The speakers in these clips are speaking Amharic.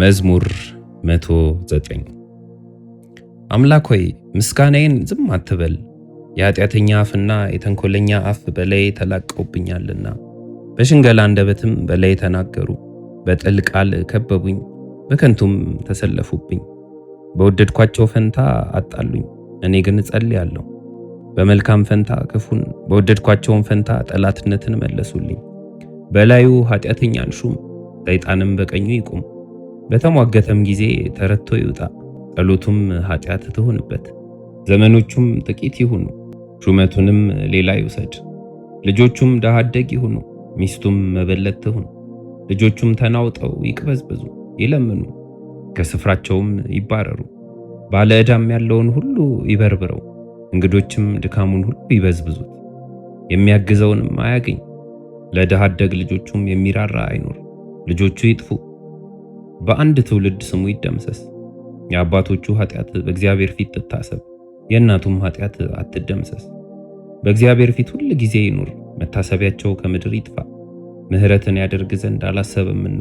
መዝሙር 109 አምላክ ሆይ ምስጋናዬን ዝም አትበል፣ የኃጢአተኛ አፍና የተንኮለኛ አፍ በላይ ተላቀውብኛልና። በሽንገላ አንደበትም በላይ ተናገሩ። በጥል ቃል ከበቡኝ፣ በከንቱም ተሰለፉብኝ። በወደድኳቸው ፈንታ አጣሉኝ፣ እኔ ግን እጸልያለሁ። በመልካም ፈንታ ክፉን፣ በወደድኳቸውም ፈንታ ጠላትነትን መለሱልኝ። በላዩ ኃጢአተኛን ሹም፣ ሰይጣንም በቀኙ ይቁም። በተሟገተም ጊዜ ተረቶ ይውጣ፣ ጸሎቱም ኃጢአት ትሁንበት፣ ዘመኖቹም ጥቂት ይሁኑ፣ ሹመቱንም ሌላ ይውሰድ። ልጆቹም ድሃ አደግ ይሁኑ፣ ሚስቱም መበለት ትሁን። ልጆቹም ተናውጠው ይቅበዝበዙ፣ ይለምኑ፣ ከስፍራቸውም ይባረሩ። ባለ ዕዳም ያለውን ሁሉ ይበርብረው፣ እንግዶችም ድካሙን ሁሉ ይበዝብዙት። የሚያግዘውንም አያገኝ፣ ለድሃ ልጆቹም የሚራራ አይኖር። ልጆቹ ይጥፉ በአንድ ትውልድ ስሙ ይደምሰስ። የአባቶቹ ኃጢአት በእግዚአብሔር ፊት ትታሰብ፣ የእናቱም ኃጢአት አትደምሰስ። በእግዚአብሔር ፊት ሁል ጊዜ ይኑር፣ መታሰቢያቸው ከምድር ይጥፋ። ምሕረትን ያደርግ ዘንድ አላሰበምና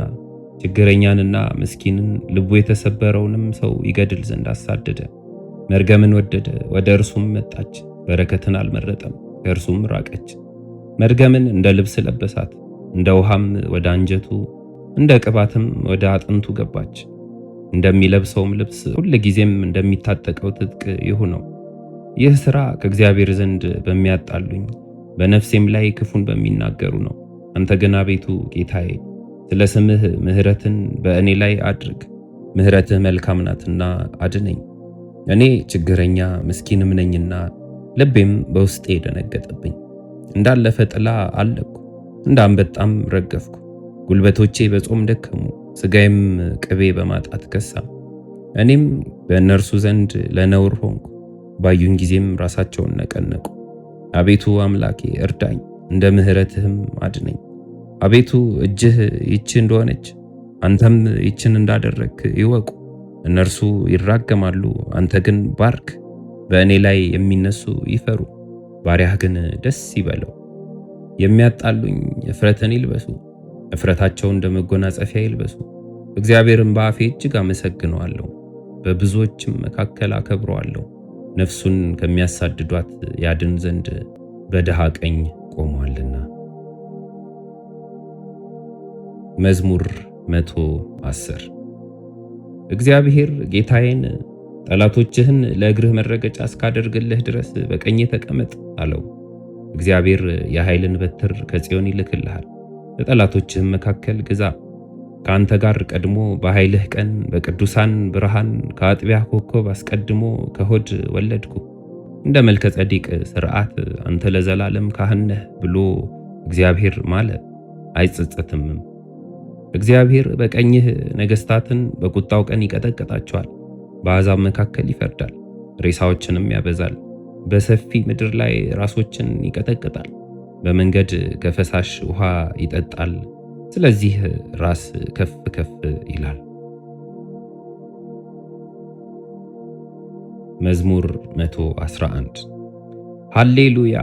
ችግረኛንና ምስኪንን ልቡ የተሰበረውንም ሰው ይገድል ዘንድ አሳደደ። መርገምን ወደደ፣ ወደ እርሱም መጣች። በረከትን አልመረጠም፣ ከእርሱም ራቀች። መርገምን እንደ ልብስ ለበሳት፣ እንደ ውሃም ወደ አንጀቱ እንደ ቅባትም ወደ አጥንቱ ገባች። እንደሚለብሰውም ልብስ ጊዜም እንደሚታጠቀው ትጥቅ ይሁነው። ይህ ሥራ ከእግዚአብሔር ዘንድ በሚያጣሉኝ በነፍሴም ላይ ክፉን በሚናገሩ ነው። አንተ ግን አቤቱ ጌታዬ ስለ ስምህ ምሕረትን በእኔ ላይ አድርግ፣ ምሕረትህ መልካም ናትና አድነኝ። እኔ ችግረኛ ምስኪንም ነኝና ልቤም በውስጤ ደነገጠብኝ። እንዳለፈ ጥላ አለቅኩ፣ እንዳንበጣም ረገፍኩ። ጉልበቶቼ በጾም ደከሙ፣ ስጋይም ቅቤ በማጣት ከሳ። እኔም በእነርሱ ዘንድ ለነውር ሆንኩ፣ ባዩኝ ጊዜም ራሳቸውን ነቀነቁ። አቤቱ አምላኬ እርዳኝ፣ እንደ ምሕረትህም አድነኝ። አቤቱ እጅህ ይቺ እንደሆነች አንተም ይችን እንዳደረግ ይወቁ። እነርሱ ይራገማሉ፣ አንተ ግን ባርክ። በእኔ ላይ የሚነሱ ይፈሩ፣ ባሪያህ ግን ደስ ይበለው። የሚያጣሉኝ እፍረትን ይልበሱ፣ እፍረታቸውን እንደ መጎናጸፊያ ይልበሱ። እግዚአብሔርን በአፌ እጅግ አመሰግነዋለሁ፣ በብዙዎችም መካከል አከብረዋለሁ። ነፍሱን ከሚያሳድዷት ያድን ዘንድ በድሃ ቀኝ ቆሟልና። መዝሙር 110 እግዚአብሔር ጌታዬን ጠላቶችህን ለእግርህ መረገጫ እስካደርግልህ ድረስ በቀኝ ተቀመጥ አለው። እግዚአብሔር የኃይልን በትር ከጽዮን ይልክልሃል። በጠላቶችህም መካከል ግዛ። ከአንተ ጋር ቀድሞ በኃይልህ ቀን በቅዱሳን ብርሃን ከአጥቢያ ኮከብ አስቀድሞ ከሆድ ወለድኩ። እንደ መልከ ጸዲቅ ስርዓት አንተ ለዘላለም ካህን ነህ ብሎ እግዚአብሔር ማለ፣ አይጸጸትምም። እግዚአብሔር በቀኝህ ነገሥታትን በቁጣው ቀን ይቀጠቅጣቸዋል። በአሕዛብ መካከል ይፈርዳል፣ ሬሳዎችንም ያበዛል። በሰፊ ምድር ላይ ራሶችን ይቀጠቅጣል። በመንገድ ከፈሳሽ ውሃ ይጠጣል። ስለዚህ ራስ ከፍ ከፍ ይላል። መዝሙር 111 ሃሌሉያ!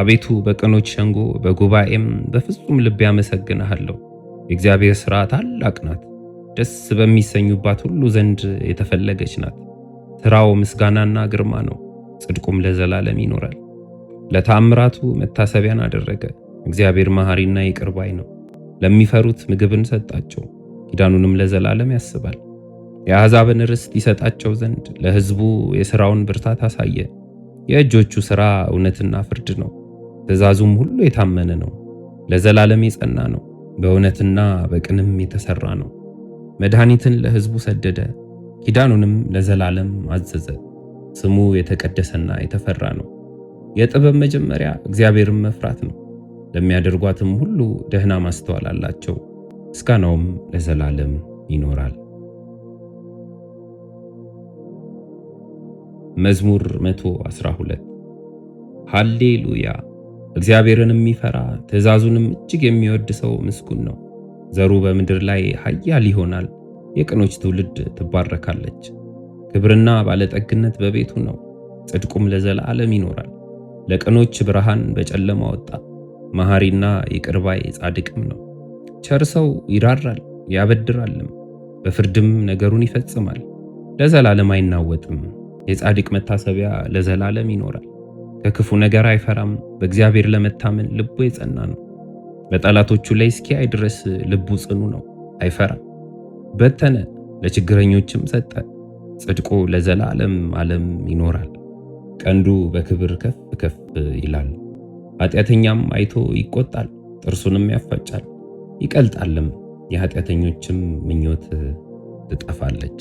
አቤቱ በቀኖች ሸንጎ በጉባኤም በፍጹም ልብ ያመሰግንሃለሁ። የእግዚአብሔር ሥራ ታላቅ ናት፣ ደስ በሚሰኙባት ሁሉ ዘንድ የተፈለገች ናት። ሥራው ምስጋናና ግርማ ነው፣ ጽድቁም ለዘላለም ይኖራል። ለታምራቱ መታሰቢያን አደረገ። እግዚአብሔር መሐሪና ይቅርባይ ባይ ነው። ለሚፈሩት ምግብን ሰጣቸው፣ ኪዳኑንም ለዘላለም ያስባል። የአሕዛብን ርስት ይሰጣቸው ዘንድ ለሕዝቡ የሥራውን ብርታት አሳየ። የእጆቹ ሥራ እውነትና ፍርድ ነው፣ ትእዛዙም ሁሉ የታመነ ነው። ለዘላለም የጸና ነው፣ በእውነትና በቅንም የተሠራ ነው። መድኃኒትን ለሕዝቡ ሰደደ፣ ኪዳኑንም ለዘላለም አዘዘ። ስሙ የተቀደሰና የተፈራ ነው። የጥበብ መጀመሪያ እግዚአብሔርን መፍራት ነው። ለሚያደርጓትም ሁሉ ደህና ማስተዋል አላቸው፣ ምስጋናውም ለዘላለም ይኖራል። መዝሙር 112 ሃሌሉያ። እግዚአብሔርን የሚፈራ ትእዛዙንም እጅግ የሚወድ ሰው ምስጉን ነው። ዘሩ በምድር ላይ ኃያል ይሆናል። የቅኖች ትውልድ ትባረካለች። ክብርና ባለጠግነት በቤቱ ነው፣ ጽድቁም ለዘላለም ይኖራል። ለቀኖች ብርሃን በጨለማ ወጣ። መሐሪና ይቅርባይ ጻድቅም ነው። ቸር ሰው ይራራል ያበድራልም፣ በፍርድም ነገሩን ይፈጽማል። ለዘላለም አይናወጥም። የጻድቅ መታሰቢያ ለዘላለም ይኖራል። ከክፉ ነገር አይፈራም። በእግዚአብሔር ለመታመን ልቡ የጸና ነው። በጠላቶቹ ላይ እስኪ አይድረስ ልቡ ጽኑ ነው። አይፈራም። በተነ ለችግረኞችም ሰጠ። ጽድቁ ለዘላለም ዓለም ይኖራል። ቀንዱ በክብር ከፍ ከፍ ይላል። ኃጢአተኛም አይቶ ይቆጣል፣ ጥርሱንም ያፋጫል፣ ይቀልጣልም። የኃጢአተኞችም ምኞት ትጠፋለች።